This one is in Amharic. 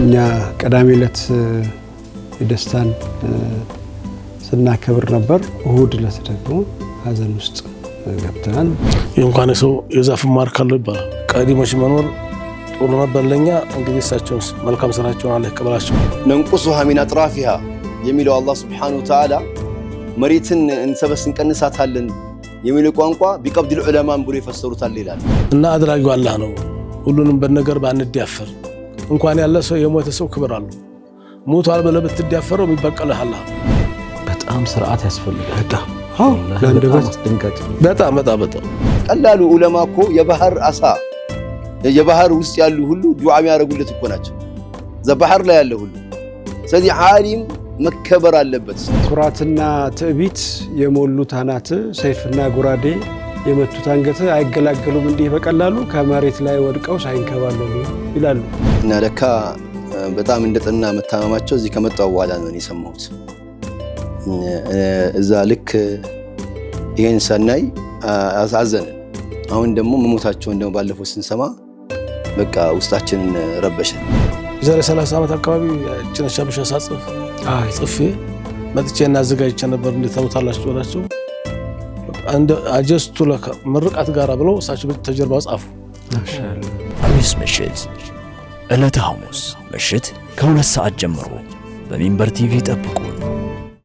እኛ ቀዳሚ ዕለት የደስታን ስናከብር ነበር። እሁድ ዕለት ደግሞ ሀዘን ውስጥ ገብተናል። የእንኳን ሰው የዛፍ ማር ካለው ይባላል። ቀዲሞች መኖር ጥሩ ነበር ለእኛ። እንግዲህ እሳቸው መልካም ስራቸውን አለ ይቀበላቸው። ነንቁሱሃ ሚን አጥራፊሃ የሚለው አላህ ሱብሓነሁ ወተዓላ መሬትን እንሰበስ እንቀንሳታለን የሚለው ቋንቋ ቢቀብድል ዑለማን ብሎ ይፈሰሩታል ይላል እና አድራጊው አላህ ነው። ሁሉንም በነገር ያፈር እንኳን ያለ ሰው የሞተ ሰው ክብር አለው። ሞቷል ብለህ ብትዳፈረው የሚበቀልሃል። በጣም ስርዓት ያስፈልጋል። በጣም በጣም በጣም ቀላሉ ዑለማ እኮ የባህር አሳ የባህር ውስጥ ያሉ ሁሉ ዱዓ የሚያደርጉለት እኮ ናቸው፣ ዘባህር ላይ ያለ ሁሉ። ስለዚህ ዓሊም መከበር አለበት። ኩራትና ትዕቢት የሞሉት አናት ሰይፍና ጉራዴ። የመቱት አንገት አይገላገሉም እንዲህ በቀላሉ ከመሬት ላይ ወድቀው ሳይንከባለሉ ይላሉ። እና ለካ በጣም እንደ ጠና መታመማቸው እዚህ ከመጣው በኋላ ነው የሰማሁት። እዛ ልክ ይህን ሰናይ አዘንን። አሁን ደግሞ መሞታቸውን ደግሞ ባለፈው ስንሰማ በቃ ውስጣችንን ረበሸን። የዛሬ 30 ዓመት አካባቢ ጭነሻ ብሻ ሳጽፍ ጽፌ መጥቼ እና አዘጋጅቼ ነበር። እንዴት ታውታላችሁ? አጀስቱ ለካ ምርቃት ጋር ብለው እሳቸው ተጀርባ ጻፉ። ሐሙስ ምሽት ዕለተ ሐሙስ ምሽት ከሁለት ሰዓት ጀምሮ በሚንበር ቲቪ ጠብቁን።